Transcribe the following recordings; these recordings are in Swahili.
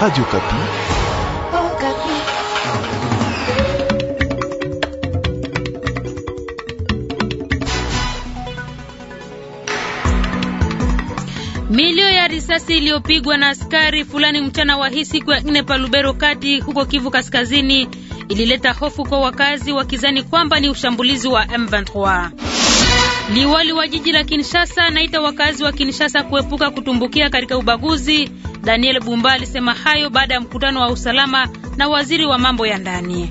Radio Kapi. Oh, Kapi. Milio ya risasi iliyopigwa na askari fulani mchana wa hii siku ya nne Palubero kati huko Kivu Kaskazini ilileta hofu kwa wakazi wakizani kwamba ni ushambulizi wa M23. Liwali wa jiji la Kinshasa anaita wakazi wa Kinshasa kuepuka kutumbukia katika ubaguzi Daniel Bumba alisema hayo baada ya mkutano wa usalama na waziri wa mambo ya ndani.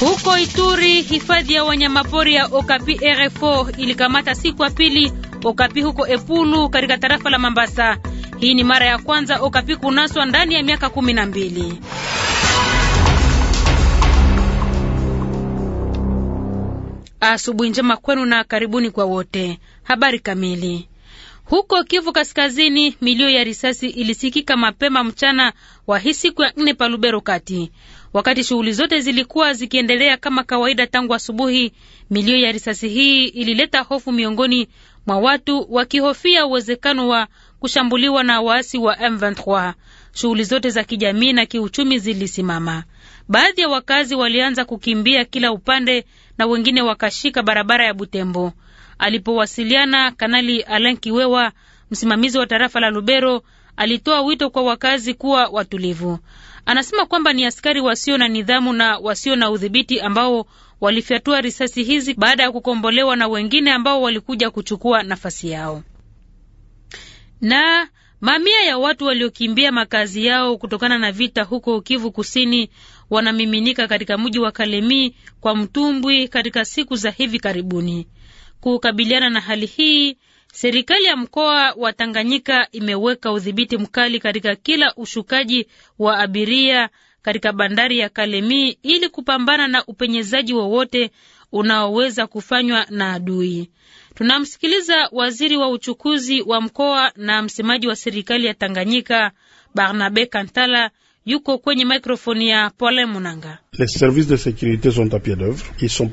Huko Ituri, hifadhi ya wanyamapori ya Okapi RFO ilikamata siku ya pili Okapi huko Epulu katika tarafa la Mambasa. Hii ni mara ya kwanza Okapi kunaswa ndani ya miaka kumi na mbili. Asubuhi njema kwenu na karibuni kwa wote. Habari kamili huko Kivu Kaskazini, milio ya risasi ilisikika mapema mchana wa hii siku ya nne Palubero kati, wakati shughuli zote zilikuwa zikiendelea kama kawaida tangu asubuhi. Milio ya risasi hii ilileta hofu miongoni mwa watu, wakihofia uwezekano wa kushambuliwa na waasi wa M23. Shughuli zote za kijamii na kiuchumi zilisimama. Baadhi ya wakazi walianza kukimbia kila upande na wengine wakashika barabara ya Butembo. Alipowasiliana, Kanali Alan Kiwewa, msimamizi wa tarafa la Lubero, alitoa wito kwa wakazi kuwa watulivu. Anasema kwamba ni askari wasio na nidhamu na wasio na udhibiti ambao walifyatua risasi hizi baada ya kukombolewa na wengine ambao walikuja kuchukua nafasi yao. Na mamia ya watu waliokimbia makazi yao kutokana na vita huko Kivu Kusini wanamiminika katika mji wa Kalemi kwa mtumbwi katika siku za hivi karibuni. Kukabiliana na hali hii, serikali ya mkoa wa Tanganyika imeweka udhibiti mkali katika kila ushukaji wa abiria katika bandari ya kalemi ili kupambana na upenyezaji wowote unaoweza kufanywa na adui. Tunamsikiliza waziri wa uchukuzi wa mkoa na msemaji wa serikali ya Tanganyika Barnabe Kantala yuko kwenye mikrofoni ya Pole Munanga. Les services de sont pied ils sont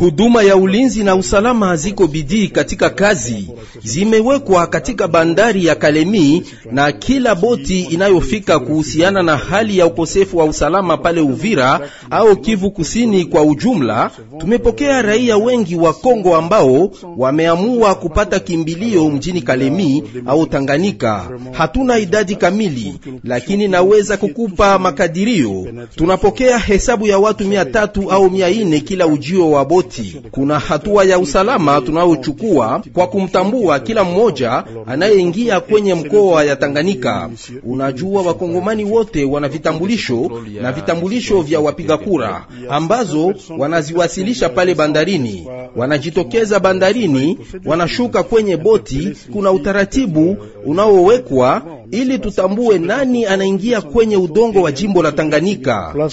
Huduma ya ulinzi na usalama ziko bidii katika kazi, zimewekwa katika bandari ya Kalemi na kila boti inayofika kuhusiana na hali ya ukosefu wa usalama pale Uvira au Kivu Kusini kwa ujumla. Tumepokea raia wengi wa Kongo ambao wameamua kupata kimbilio mjini Kalemi au Tanganyika. Hatuna idadi kamili, lakini naweza kukupa makadirio. Tunapokea hesabu ya watu mia tatu au mia ine kila ujio wa boti. Kuna hatua ya usalama tunayochukua kwa kumtambua kila mmoja anayeingia kwenye mkoa ya Tanganyika. Unajua, wakongomani wote wana vitambulisho na vitambulisho vya wapiga kura ambazo wanaziwasilisha pale bandarini. Wanajitokeza bandarini, wanashuka kwenye boti. Kuna utaratibu unaowekwa ili tutambue nani anaingia kwenye udongo wa jimbo la Tanganyika.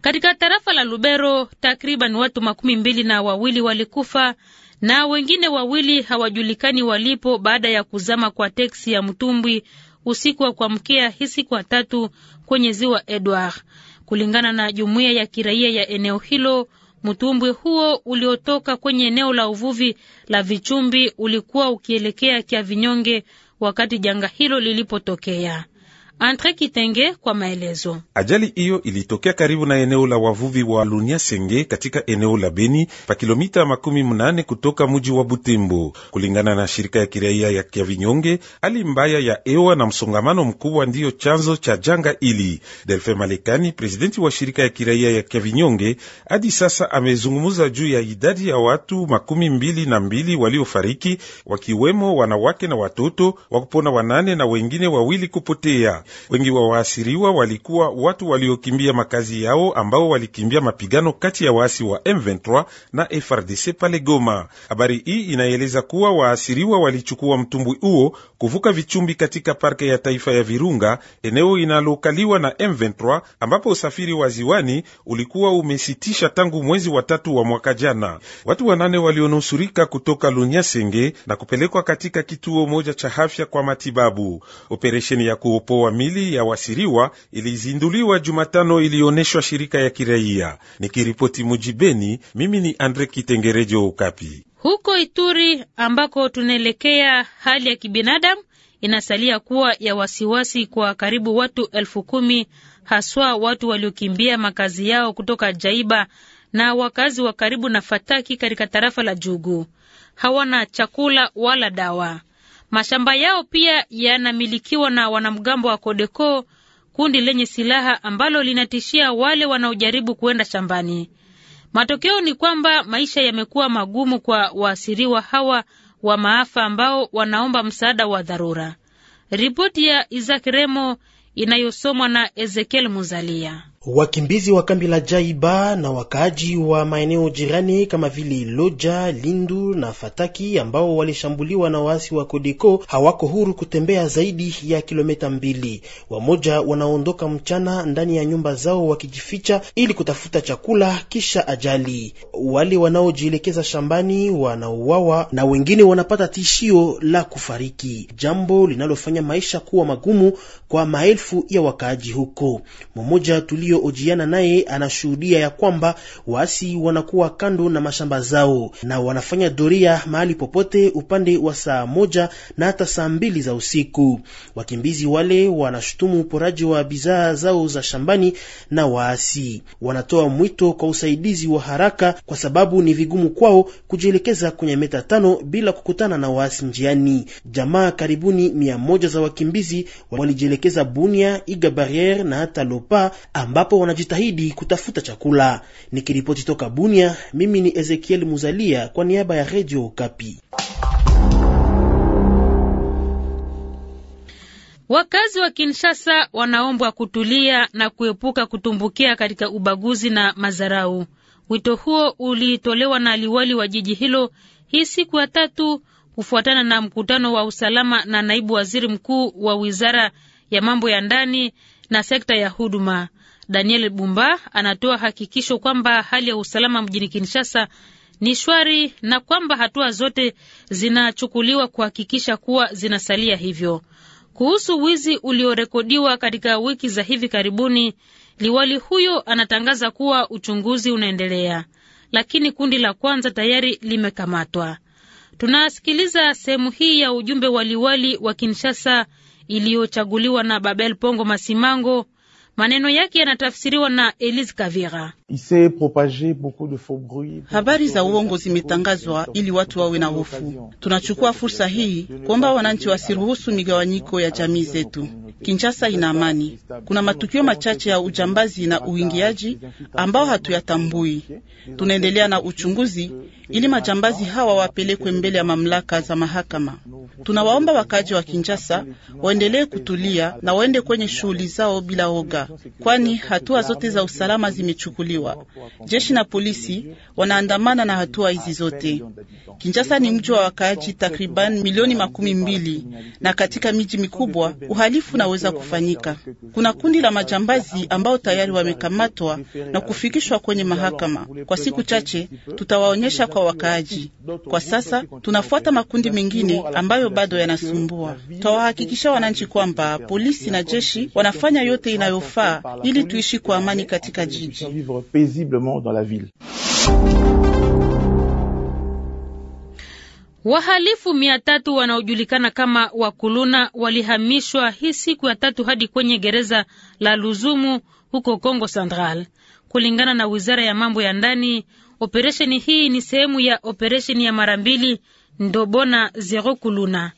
Katika tarafa la Lubero takriban watu makumi mbili na wawili walikufa na wengine wawili hawajulikani walipo baada ya kuzama kwa teksi ya mtumbwi usiku wa kuamkia hii siku ya tatu kwenye ziwa Edward, kulingana na jumuiya ya kiraia ya eneo hilo. Mtumbwi huo uliotoka kwenye eneo la uvuvi la Vichumbi ulikuwa ukielekea Kiavinyonge wakati janga hilo lilipotokea. Andre Kitenge kwa maelezo. Ajali hiyo ilitokea karibu na eneo la wavuvi wa Lunya Senge katika eneo la Beni pa kilomita makumi mnane kutoka mji wa Butembo. Kulingana na shirika ya kiraia ya kiavinyonge hali mbaya ya hewa na msongamano mkubwa ndiyo chanzo cha janga hili. Delfe Malekani, presidenti wa shirika ya kiraia ya Kiavinyonge, hadi sasa amezungumza juu ya idadi ya watu makumi mbili na mbili waliofariki wakiwemo wanawake na watoto, wakupona wanane na wengine wawili kupotea. Wengi wa waasiriwa walikuwa watu waliokimbia makazi yao ambao walikimbia mapigano kati ya waasi wa M23 na FRDC pale Goma. Habari hii inaeleza kuwa waasiriwa walichukua mtumbwi huo kuvuka vichumbi katika parke ya taifa ya Virunga, eneo inalokaliwa na M23, ambapo usafiri wa ziwani ulikuwa umesitisha tangu mwezi wa tatu wa mwaka jana. Watu wanane walionusurika kutoka Lunyasenge na kupelekwa katika kituo moja cha afya kwa matibabu. Operesheni ya kuopoa kamili ya wasiriwa ilizinduliwa Jumatano, ilionyeshwa shirika ya kiraia. Nikiripoti Mujibeni, mimi ni Andre Kitengerejo, Ukapi. Huko Ituri ambako tunaelekea, hali ya kibinadamu inasalia kuwa ya wasiwasi kwa karibu watu elfu kumi haswa watu waliokimbia makazi yao kutoka Jaiba na wakazi wa karibu na Fataki katika tarafa la Jugu hawana chakula wala dawa. Mashamba yao pia yanamilikiwa na wanamgambo wa Kodeko, kundi lenye silaha ambalo linatishia wale wanaojaribu kuenda shambani. Matokeo ni kwamba maisha yamekuwa magumu kwa waasiriwa hawa wa maafa ambao wanaomba msaada wa dharura. Ripoti ya Isaac Remo inayosomwa na Ezekiel Muzalia. Wakimbizi wa kambi la Jaiba na wakaaji wa maeneo jirani kama vile Loja, Lindu na Fataki ambao walishambuliwa na waasi wa Kodeko hawako huru kutembea zaidi ya kilomita mbili. Wamoja wanaondoka mchana ndani ya nyumba zao wakijificha ili kutafuta chakula kisha ajali. Wale wanaojielekeza shambani wanauawa na wengine wanapata tishio la kufariki, jambo linalofanya maisha kuwa magumu kwa maelfu ya wakaaji huko. Mmoja waliohojiana naye anashuhudia ya kwamba waasi wanakuwa kando na mashamba zao na wanafanya doria mahali popote upande wa saa moja na hata saa mbili za usiku. Wakimbizi wale wanashutumu uporaji wa bidhaa zao za shambani na waasi wanatoa mwito kwa usaidizi wa haraka, kwa sababu ni vigumu kwao kujielekeza kwenye meta tano bila kukutana na waasi njiani. Jamaa karibuni mia moja za wakimbizi walijielekeza Bunia, Iga Barriere na hata Lopa ambao ambapo wanajitahidi kutafuta chakula. Nikiripoti toka Bunia, mimi ni Ezekiel Muzalia kwa niaba ya Radio Kapi. Wakazi wa Kinshasa wanaombwa kutulia na kuepuka kutumbukia katika ubaguzi na madharau. Wito huo ulitolewa na liwali wa jiji hilo hii siku ya tatu kufuatana na mkutano wa usalama na naibu waziri mkuu wa wizara ya mambo ya ndani na sekta ya huduma. Daniel Bumba anatoa hakikisho kwamba hali ya usalama mjini Kinshasa ni shwari na kwamba hatua zote zinachukuliwa kuhakikisha kuwa zinasalia hivyo. Kuhusu wizi uliorekodiwa katika wiki za hivi karibuni, liwali huyo anatangaza kuwa uchunguzi unaendelea, lakini kundi la kwanza tayari limekamatwa. Tunasikiliza sehemu hii ya ujumbe wa liwali wa Kinshasa iliyochaguliwa na Babel Pongo Masimango. Maneno yake yanatafsiriwa na Elise Kavira. Habari za uongo zimetangazwa ili watu wawe na hofu. Tunachukua fursa hii kuomba wananchi wasiruhusu migawanyiko ya jamii zetu. Kinshasa ina amani. Kuna matukio machache ya ujambazi na uingiaji ambao hatuyatambui. Tunaendelea na uchunguzi ili majambazi hawa wapelekwe mbele ya mamlaka za mahakama. Tunawaomba wakaaji wa Kinshasa waendelee kutulia na waende kwenye shughuli zao bila oga, kwani hatua zote za usalama zimechukuliwa kuchukuliwa. Jeshi na polisi wanaandamana na hatua hizi zote. Kinshasa ni mji wa wakaaji takriban milioni makumi mbili, na katika miji mikubwa uhalifu unaweza kufanyika. Kuna kundi la majambazi ambao tayari wamekamatwa na kufikishwa kwenye mahakama. Kwa siku chache tutawaonyesha kwa wakaaji. Kwa sasa tunafuata makundi mengine ambayo bado yanasumbua. Tutawahakikisha wananchi kwamba polisi na jeshi wanafanya yote inayofaa ili tuishi kwa amani katika jiji paisiblement dans la ville. Wahalifu mia tatu wanaojulikana kama wakuluna walihamishwa hii siku ya tatu hadi kwenye gereza la Luzumu huko Kongo Central, kulingana na wizara ya mambo ya ndani. Operesheni hii ni sehemu ya operesheni ya mara mbili Ndobona Zero Kuluna.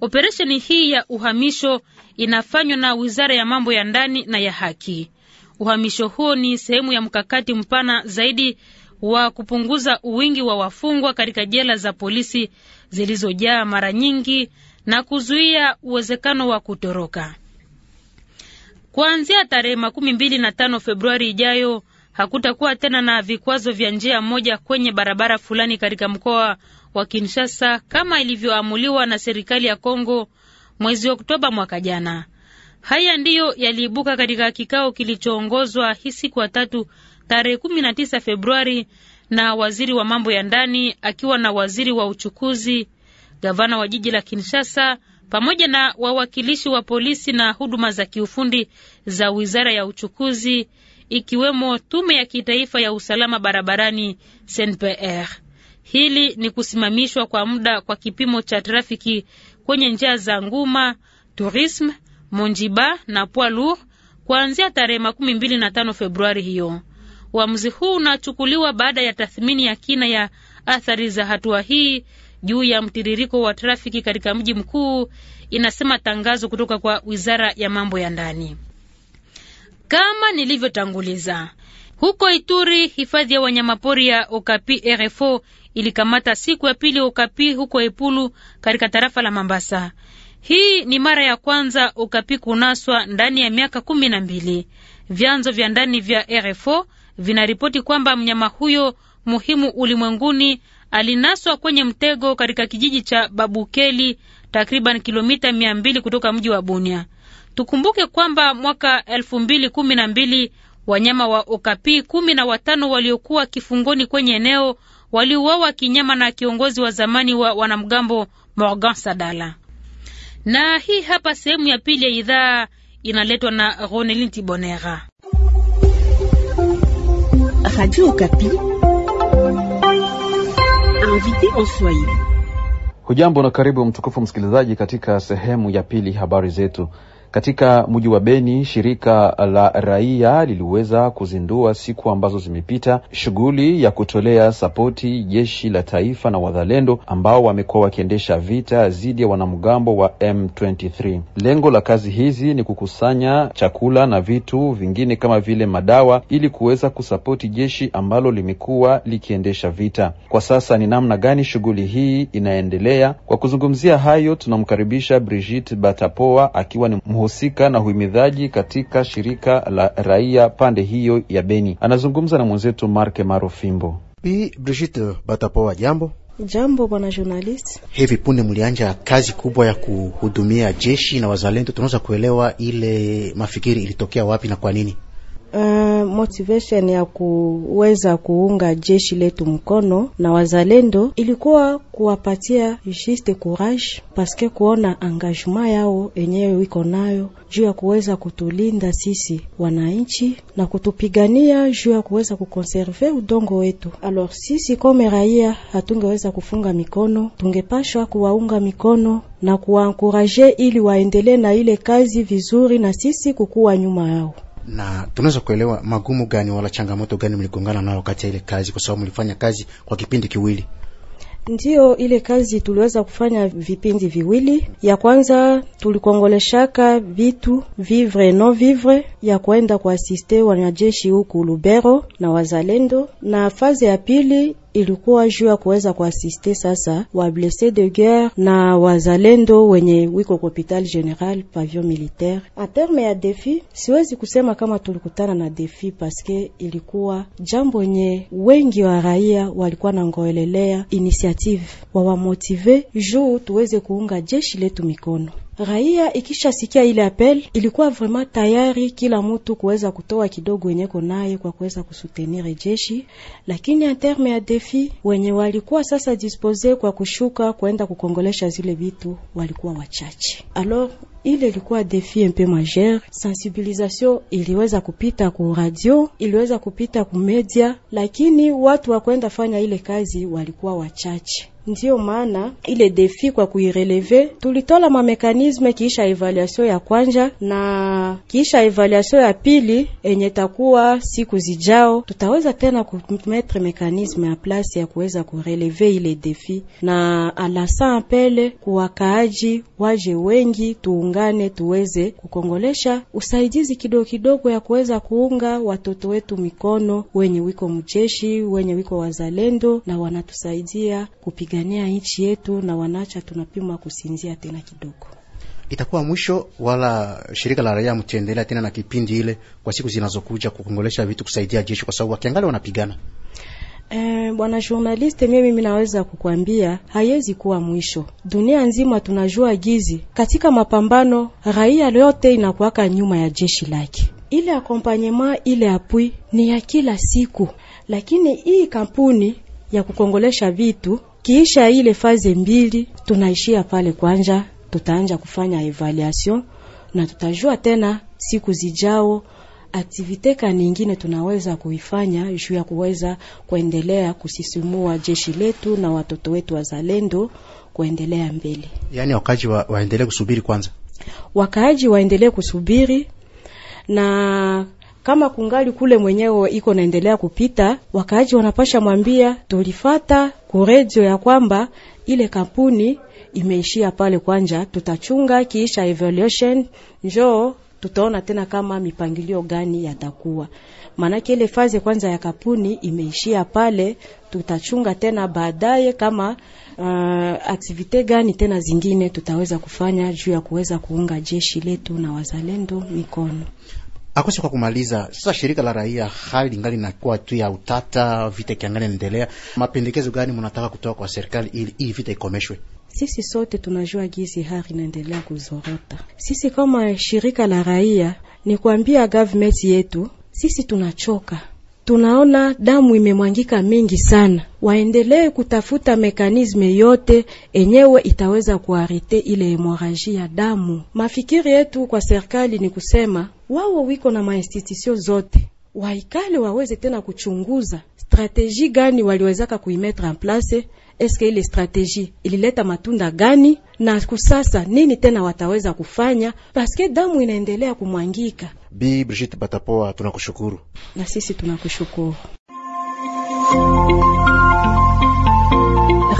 Operesheni hii ya uhamisho inafanywa na wizara ya mambo ya ndani na ya haki. Uhamisho huo ni sehemu ya mkakati mpana zaidi wa kupunguza uwingi wa wafungwa katika jela za polisi zilizojaa mara nyingi na kuzuia uwezekano wa kutoroka. Kuanzia tarehe makumi mbili na tano Februari ijayo hakutakuwa tena na vikwazo vya njia moja kwenye barabara fulani katika mkoa wa Kinshasa kama ilivyoamuliwa na serikali ya Kongo mwezi Oktoba mwaka jana. Haya ndiyo yaliibuka katika kikao kilichoongozwa hii siku ya tatu tarehe 19 Februari na waziri wa mambo ya ndani akiwa na waziri wa uchukuzi, gavana wa jiji la Kinshasa pamoja na wawakilishi wa polisi na huduma za kiufundi za wizara ya uchukuzi ikiwemo tume ya kitaifa ya usalama barabarani SNPR. Hili ni kusimamishwa kwa muda kwa kipimo cha trafiki kwenye njia za Nguma, Tourisme, Monjiba na Pwalu kuanzia tarehe makumi mbili na tano Februari hiyo. Uamuzi huu unachukuliwa baada ya tathmini ya kina ya athari za hatua hii juu ya mtiririko wa trafiki katika mji mkuu, inasema tangazo kutoka kwa wizara ya mambo ya ndani. Kama nilivyotanguliza huko Ituri, hifadhi ya wanyamapori ya Okapi RFO ilikamata siku ya pili Okapi huko Epulu katika tarafa la Mambasa. Hii ni mara ya kwanza Okapi kunaswa ndani ya miaka kumi na mbili. Vyanzo vya ndani vya RFO vinaripoti kwamba mnyama huyo muhimu ulimwenguni alinaswa kwenye mtego katika kijiji cha Babukeli, takriban kilomita mia mbili kutoka mji wa Bunia. Tukumbuke kwamba mwaka elfu mbili kumi na mbili wanyama wa Okapi kumi na watano waliokuwa kifungoni kwenye eneo waliuawa kinyama na kiongozi wa zamani wa wanamgambo Morgan Sadala na hii hapa sehemu ya pili ya idhaa inaletwa na Ronelin Tibonera, Hujambo na karibu mtukufu msikilizaji katika sehemu ya pili habari zetu. Katika mji wa Beni, shirika la raia liliweza kuzindua siku ambazo zimepita shughuli ya kutolea sapoti jeshi la taifa na wazalendo ambao wamekuwa wakiendesha vita dhidi ya wanamgambo wa M23. Lengo la kazi hizi ni kukusanya chakula na vitu vingine kama vile madawa ili kuweza kusapoti jeshi ambalo limekuwa likiendesha vita. Kwa sasa ni namna gani shughuli hii inaendelea? Kwa kuzungumzia hayo, tunamkaribisha Brigitte Batapoa akiwa ni mhusika na uhimidhaji katika shirika la raia pande hiyo ya Beni. Anazungumza na mwenzetu Marke Marofimbo. Bi Brigitte Batapoa, jambo. Jambo bwana journalist. Hivi punde mlianja kazi kubwa ya kuhudumia jeshi na wazalendo, tunaweza kuelewa ile mafikiri ilitokea wapi na kwa nini? Eh, motivation ya kuweza kuunga jeshi letu mkono na wazalendo ilikuwa kuwapatia juste courage paske kuona engagement yao enyewe wiko nayo juu ya kuweza kutulinda sisi wananchi na kutupigania juu ya kuweza kukonserve udongo wetu. Alors sisi kome raia hatungeweza kufunga mikono, tungepashwa kuwaunga mikono na kuwankuraje ili waendelee na ile kazi vizuri na sisi kukuwa nyuma yao na tunaweza kuelewa magumu gani wala changamoto gani mligongana nayo wakati ya ile kazi, kwa sababu mlifanya kazi kwa kipindi kiwili? Ndiyo, ile kazi tuliweza kufanya vipindi viwili. Ya kwanza tulikongoleshaka vitu vivre no vivre ya kwenda kuasiste wanajeshi huku Lubero na wazalendo, na fazi ya pili ilikuwa juu ya kuweza kuasiste sasa wa blesse de guerre na wazalendo wenye wiko kwa hopital general pavio militaire. A terme ya defi, siwezi kusema kama tulikutana na defi paske ilikuwa jambo nye wengi wa raia walikuwa na ngoelelea initiative wawamotive juu tuweze kuunga jeshi letu mikono. Raia ikishasikia ile apel ilikuwa vraiment tayari kila mtu kuweza kutoa kidogo wenye konaye kwa kuweza kusutenir jeshi, lakini en terme ya defi wenye walikuwa sasa dispose kwa kushuka kwenda kukongolesha zile vitu walikuwa wachache. Alors ile ilikuwa defi un peu majeur. Sensibilisation iliweza kupita ku radio, iliweza kupita ku media, lakini watu wa kwenda fanya ile kazi walikuwa wachache. Ndiyo maana ile defi kwa kuireleve tulitola mamekanisme kiisha evaluation ya kwanja na kiisha evaluation ya pili enye takuwa siku zijao, tutaweza tena kumetre mekanisme ya plasi ya kuweza kureleve ile defi, na alasa apele kuwakaaji waje wengi, tuungane tuweze kukongolesha usaidizi kidogo kidogo ya kuweza kuunga watoto wetu mikono, wenye wiko mjeshi, wenye wiko wazalendo na wanatusaidia kupiga kupigania nchi yetu, na wanacha tunapimwa kusinzia tena kidogo. Itakuwa mwisho wala shirika la raia mtendelea tena na kipindi ile kwa siku zinazokuja kukongolesha vitu kusaidia jeshi, kwa sababu wakiangalia wanapigana. E, bwana journaliste, mimi naweza kukwambia haiwezi kuwa mwisho. Dunia nzima tunajua gizi katika mapambano, raia yote inakuwaka nyuma ya jeshi lake. Ile accompagnement ile apwi ni ya kila siku, lakini hii kampuni ya kukongolesha vitu kiisha ile faze mbili tunaishia pale kwanja, tutaanja kufanya evaluation na tutajua tena siku zijao aktivite ka ingine tunaweza kuifanya juu ya kuweza kuendelea kusisimua jeshi letu na watoto wetu wazalendo kuendelea mbele. Yani wakaaji wa, waendelee kusubiri kwanza, wakaaji waendelee kusubiri na kama kungali kule mwenyewe iko naendelea kupita, wakaaji wanapasha mwambia tulifata kuredio ya kwamba ile kampuni imeishia pale kwanja, tutachunga kiisha evaluation njoo tutaona tena kama mipangilio gani yatakuwa, maanake ile fazi kwanza ya kampuni imeishia pale. Tutachunga tena baadaye kama uh, aktivite gani tena zingine tutaweza kufanya juu ya kuweza kuunga jeshi letu na wazalendo mikono akose kwa kumaliza sasa, shirika la raia hali lingali nakuwa tu ya utata, vita ikiangali endelea, Mapendekezo gani mnataka kutoka kwa serikali ili hii vita ikomeshwe? Sisi sote tunajua gizi hali inaendelea kuzorota. Sisi kama shirika la raia ni kuambia government yetu, sisi tunachoka, tunaona damu imemwangika mingi sana, waendelee kutafuta mekanisme yote enyewe itaweza kuarete ile hemoraji ya damu. Mafikiri yetu kwa serikali ni kusema wao wiko na mainstitisio zote waikale waweze tena kuchunguza strateji gani waliwezaka kuimetre en place. Eske ile strateji ilileta matunda gani? Na kusasa nini tena wataweza kufanya, paske damu inaendelea kumwangika. Bi Brigitte Batapoa, tunakushukuru. Na sisi tunakushukuru.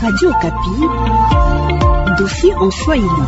Radio Kapi, dossier en Swahili.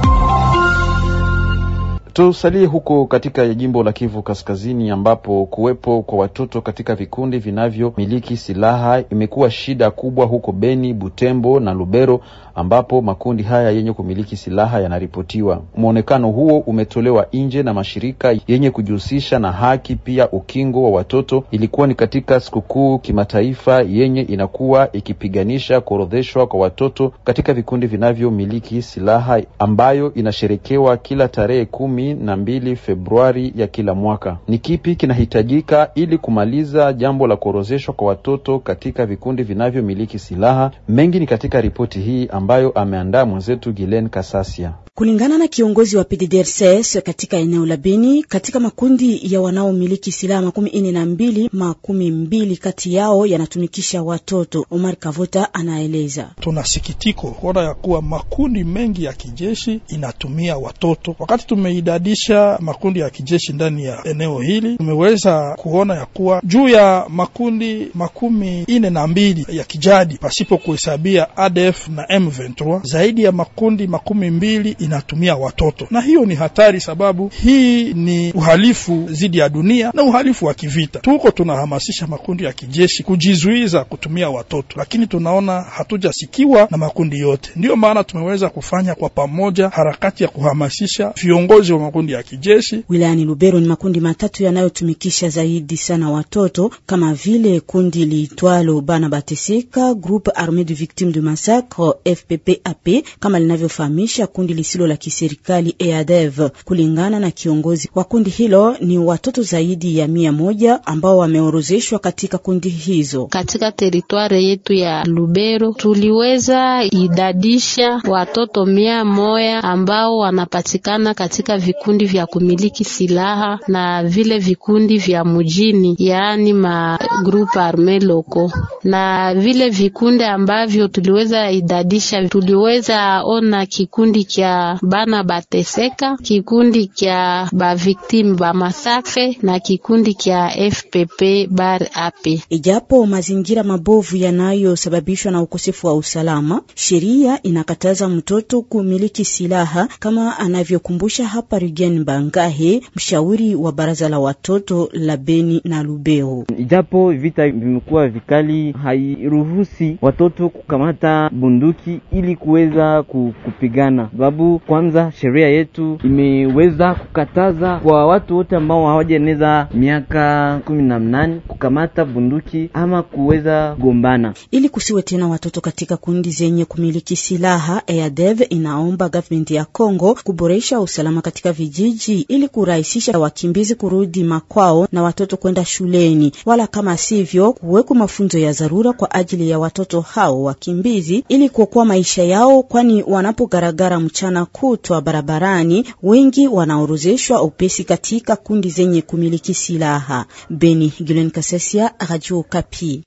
Tusalie huko katika jimbo la Kivu Kaskazini, ambapo kuwepo kwa watoto katika vikundi vinavyomiliki silaha imekuwa shida kubwa huko Beni, Butembo na Lubero, ambapo makundi haya yenye kumiliki silaha yanaripotiwa. Mwonekano huo umetolewa nje na mashirika yenye kujihusisha na haki pia ukingo wa watoto. Ilikuwa ni katika sikukuu kimataifa yenye inakuwa ikipiganisha kuorodheshwa kwa watoto katika vikundi vinavyomiliki silaha ambayo inasherekewa kila tarehe kumi kumi na mbili Februari ya kila mwaka. Ni kipi kinahitajika ili kumaliza jambo la kuorozeshwa kwa watoto katika vikundi vinavyomiliki silaha? Mengi ni katika ripoti hii ambayo ameandaa mwenzetu Gilen Kasasia. Kulingana na kiongozi wa PDDRCS katika eneo la Beni, katika makundi ya wanaomiliki silaha makumi nne na mbili, makumi mbili kati yao yanatumikisha watoto. Omar Kavota anaeleza: tuna sikitiko kuona ya kuwa makundi mengi ya kijeshi inatumia watoto. Wakati tumeidadisha makundi ya kijeshi ndani ya eneo hili, tumeweza kuona ya kuwa juu ya makundi makumi nne na mbili ya kijadi pasipo kuhesabia ADF na M23, zaidi ya makundi makumi mbili inatumia watoto, na hiyo ni hatari, sababu hii ni uhalifu dhidi ya dunia na uhalifu wa kivita. Tuko tunahamasisha makundi ya kijeshi kujizuiza kutumia watoto, lakini tunaona hatujasikiwa na makundi yote. Ndiyo maana tumeweza kufanya kwa pamoja harakati ya kuhamasisha viongozi wa makundi ya kijeshi wilayani Lubero. Ni makundi matatu yanayotumikisha zaidi sana watoto kama vile kundi liitwalo Bana Bateseka, Groupe Armee de Victime de Massacre FPPAP kama linavyofahamisha kundi lisilo la kiserikali EADEV. Kulingana na kiongozi wa kundi hilo, ni watoto zaidi ya mia moja ambao wameorozeshwa katika kundi hizo. Katika teritwari yetu ya Lubero tuliweza idadisha watoto mia moja ambao wanapatikana katika vikundi vya kumiliki silaha na vile vikundi vya mjini, yaani magrupu arme loko na vile vikundi ambavyo tuliweza idadisha, tuliweza ona kikundi cha bana bateseka, kikundi kya baviktimu ba masakre na kikundi kya FPP bar ape. Ijapo mazingira mabovu yanayosababishwa na ukosefu wa usalama, sheria inakataza mtoto kumiliki silaha kama anavyokumbusha hapa Rugen Bangahe, mshauri wa baraza la watoto la Beni na Lubeo. Ijapo vita vimekuwa vikali, hairuhusi watoto kukamata bunduki ili kuweza kupigana babu kwanza sheria yetu imeweza kukataza kwa watu wote ambao hawajaeneza miaka kumi na mnane kukamata bunduki ama kuweza kugombana, ili kusiwe tena watoto katika kundi zenye kumiliki silaha. EADEV inaomba government ya Kongo kuboresha usalama katika vijiji ili kurahisisha wakimbizi kurudi makwao na watoto kwenda shuleni, wala kama sivyo kuwekwa mafunzo ya dharura kwa ajili ya watoto hao wakimbizi ili kuokoa maisha yao, kwani wanapogaragara mchana wanakutwa barabarani, wengi wanaorozeshwa upesi katika kundi zenye kumiliki silaha. Beni Gilen Kasesia, Radio Kapi.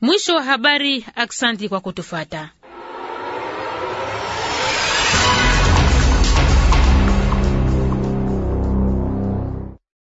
Mwisho wa habari. Aksanti kwa kutufata.